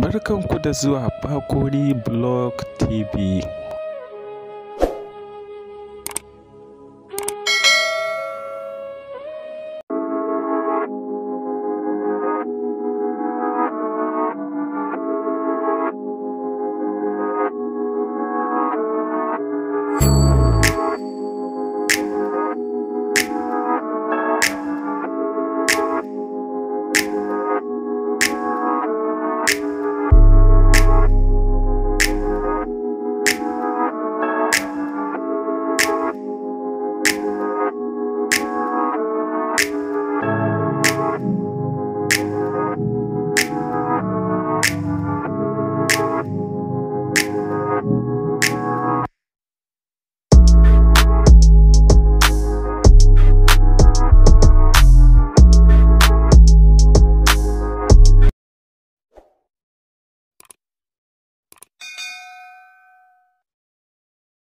Barkanku da zuwa Bakori Blog TV.